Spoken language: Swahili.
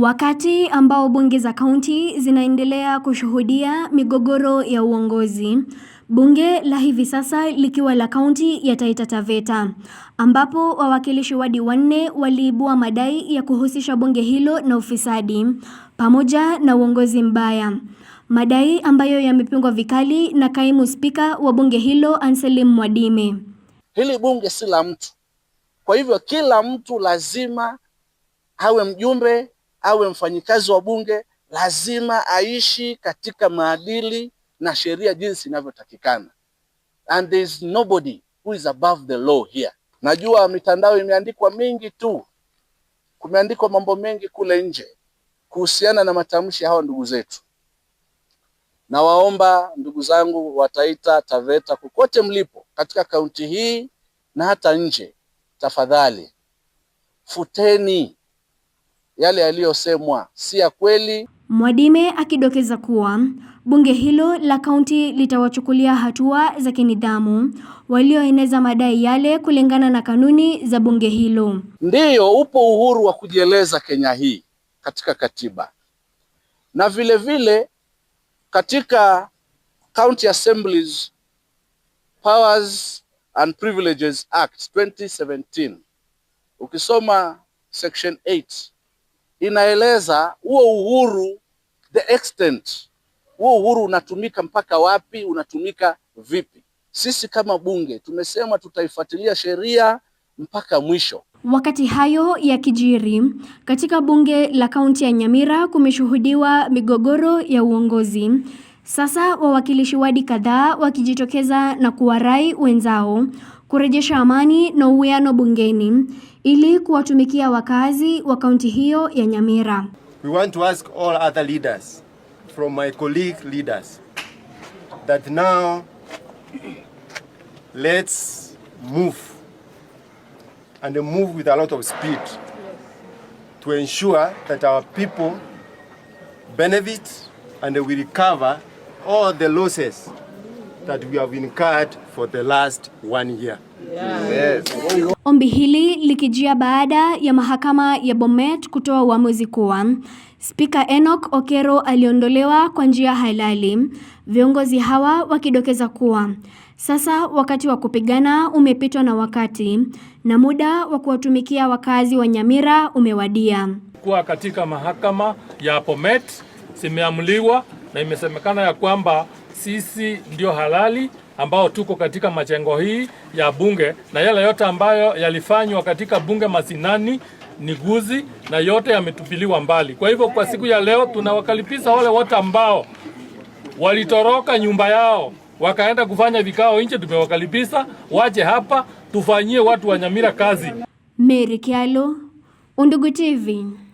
Wakati ambao bunge za kaunti zinaendelea kushuhudia migogoro ya uongozi, bunge la hivi sasa likiwa la kaunti ya Taita Taveta, ambapo wawakilishi wadi wanne waliibua madai ya kuhusisha bunge hilo na ufisadi pamoja na uongozi mbaya, madai ambayo yamepingwa vikali na kaimu spika wa bunge hilo Anselim Mwadime. Hili bunge si la mtu, kwa hivyo kila mtu lazima awe mjumbe awe mfanyikazi wa bunge lazima aishi katika maadili na sheria jinsi inavyotakikana, and there is nobody who is above the law here. Najua mitandao imeandikwa mingi tu, kumeandikwa mambo mengi kule nje kuhusiana na matamshi ya hawa ndugu zetu. Nawaomba ndugu zangu wataita Taveta, kokote mlipo katika kaunti hii na hata nje, tafadhali futeni yale yaliyosemwa si ya kweli. Mwadime akidokeza kuwa bunge hilo la kaunti litawachukulia hatua za kinidhamu walioeneza madai yale kulingana na kanuni za bunge hilo. Ndiyo, upo uhuru wa kujieleza Kenya hii katika katiba, na vile vile katika County Assemblies Powers and Privileges Act 2017 ukisoma section 8 inaeleza huo uhuru, the extent, huo uhuru unatumika mpaka wapi, unatumika vipi. Sisi kama bunge tumesema tutaifuatilia sheria mpaka mwisho. Wakati hayo ya kijiri katika bunge la kaunti ya Nyamira kumeshuhudiwa migogoro ya uongozi. Sasa wawakilishi wadi kadhaa wakijitokeza na kuwarai wenzao kurejesha amani na uwiano bungeni ili kuwatumikia wakazi wa kaunti hiyo ya Nyamira. We want to ask all other leaders from my colleague leaders that now let's move and move with a lot of speed to ensure that our people benefit and we recover all the losses that we have incurred for the last one year. Yes. Yes. Ombi hili likijia baada ya mahakama ya Bomet kutoa uamuzi kuwa Spika Enoch Okero aliondolewa kwa njia halali, viongozi hawa wakidokeza kuwa sasa wakati wa kupigana umepitwa na wakati na muda wa kuwatumikia wakazi wa Nyamira umewadia. Kuwa katika mahakama ya Bomet zimeamuliwa na imesemekana ya kwamba sisi ndio halali ambao tuko katika majengo hii ya bunge na yale yote ambayo yalifanywa katika bunge mazinani ni guzi na yote yametupiliwa mbali. Kwa hivyo kwa siku ya leo tunawakalipisa wale wote ambao walitoroka nyumba yao wakaenda kufanya vikao nje, tumewakalipisa waje hapa tufanyie watu wa Nyamira kazi. Mary Kyalo, Undugu TV.